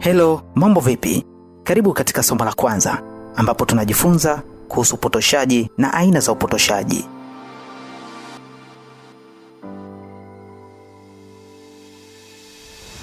Hello, mambo vipi? Karibu katika somo la kwanza ambapo tunajifunza kuhusu upotoshaji na aina za upotoshaji.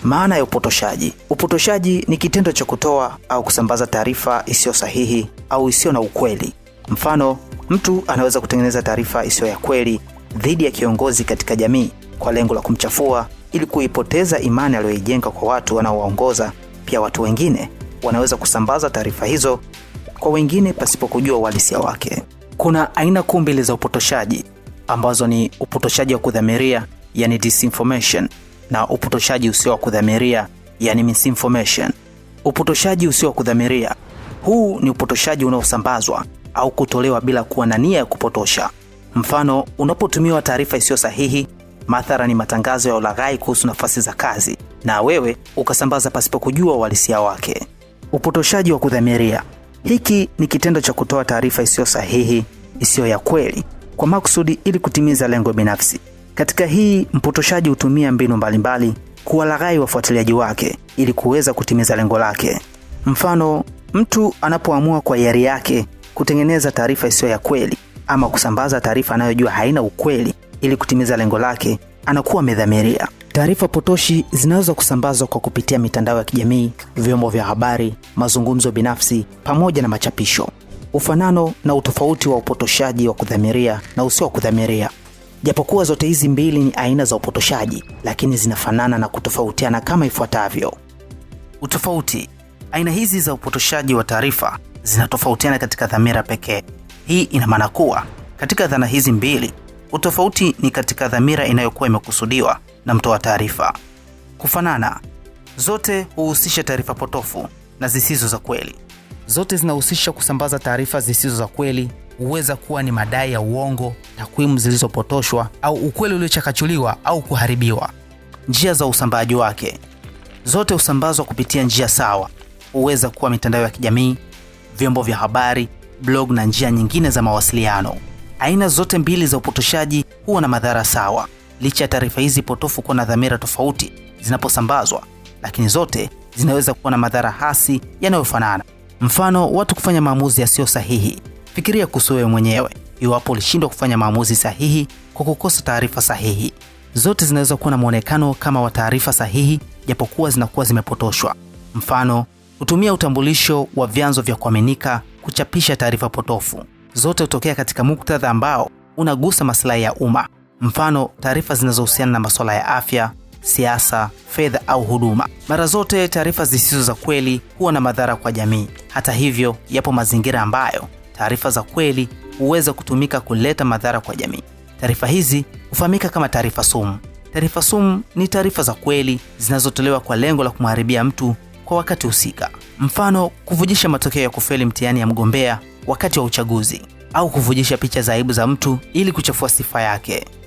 Maana ya upotoshaji. Upotoshaji ni kitendo cha kutoa au kusambaza taarifa isiyo sahihi au isiyo na ukweli. Mfano, mtu anaweza kutengeneza taarifa isiyo ya kweli dhidi ya kiongozi katika jamii kwa lengo la kumchafua ili kuipoteza imani aliyoijenga kwa watu wanaowaongoza pia watu wengine wanaweza kusambaza taarifa hizo kwa wengine pasipo kujua uhalisia wake. Kuna aina kuu mbili za upotoshaji ambazo ni upotoshaji wa kudhamiria yani disinformation, na upotoshaji usio wa kudhamiria yani misinformation. Upotoshaji usio wa kudhamiria, huu ni upotoshaji unaosambazwa au kutolewa bila kuwa na nia ya kupotosha. Mfano, unapotumiwa taarifa isiyo sahihi, mathara ni matangazo ya ulaghai kuhusu nafasi za kazi na wewe ukasambaza pasipo kujua uhalisia wake. Upotoshaji wa kudhamiria: hiki ni kitendo cha kutoa taarifa isiyo sahihi, isiyo ya kweli kwa makusudi ili kutimiza lengo binafsi. Katika hii, mpotoshaji hutumia mbinu mbalimbali kuwalaghai wafuatiliaji wake ili kuweza kutimiza lengo lake. Mfano, mtu anapoamua kwa hiari yake kutengeneza taarifa isiyo ya kweli ama kusambaza taarifa anayojua haina ukweli ili kutimiza lengo lake, anakuwa amedhamiria. Taarifa potoshi zinaweza kusambazwa kwa kupitia mitandao ya kijamii, vyombo vya habari, mazungumzo binafsi pamoja na machapisho. Ufanano na utofauti wa upotoshaji wa kudhamiria na usio wa kudhamiria. Japokuwa zote hizi mbili ni aina za upotoshaji, lakini zinafanana na kutofautiana kama ifuatavyo. Utofauti. Aina hizi za upotoshaji wa taarifa zinatofautiana katika dhamira pekee. Hii ina maana kuwa katika dhana hizi mbili, utofauti ni katika dhamira inayokuwa imekusudiwa na mtoa taarifa. Kufanana, zote huhusisha taarifa potofu na zisizo za kweli. Zote zinahusisha kusambaza taarifa zisizo za kweli. Huweza kuwa ni madai ya uongo, takwimu zilizopotoshwa, au ukweli uliochakachuliwa au kuharibiwa. Njia za usambaaji wake, zote husambazwa kupitia njia sawa. Huweza kuwa mitandao ya kijamii, vyombo vya habari, blog na njia nyingine za mawasiliano. Aina zote mbili za upotoshaji huwa na madhara sawa licha ya taarifa hizi potofu kuwa na dhamira tofauti zinaposambazwa, lakini zote zinaweza kuwa na madhara hasi yanayofanana. Mfano, watu kufanya maamuzi yasiyo sahihi. Fikiria kuhusu wewe mwenyewe, iwapo ulishindwa kufanya maamuzi sahihi kwa kukosa taarifa sahihi. Zote zinaweza kuwa na mwonekano kama wa taarifa sahihi, japokuwa zinakuwa zimepotoshwa. Mfano, kutumia utambulisho wa vyanzo vya kuaminika kuchapisha taarifa potofu. Zote hutokea katika muktadha ambao unagusa maslahi ya umma mfano taarifa zinazohusiana na masuala ya afya, siasa, fedha au huduma. Mara zote taarifa zisizo za kweli huwa na madhara kwa jamii. Hata hivyo, yapo mazingira ambayo taarifa za kweli huweza kutumika kuleta madhara kwa jamii. Taarifa hizi hufahamika kama taarifa sumu. Taarifa sumu ni taarifa za kweli zinazotolewa kwa lengo la kumharibia mtu kwa wakati husika, mfano kuvujisha matokeo ya kufeli mtihani ya mgombea wakati wa uchaguzi au kuvujisha picha za aibu za mtu ili kuchafua sifa yake.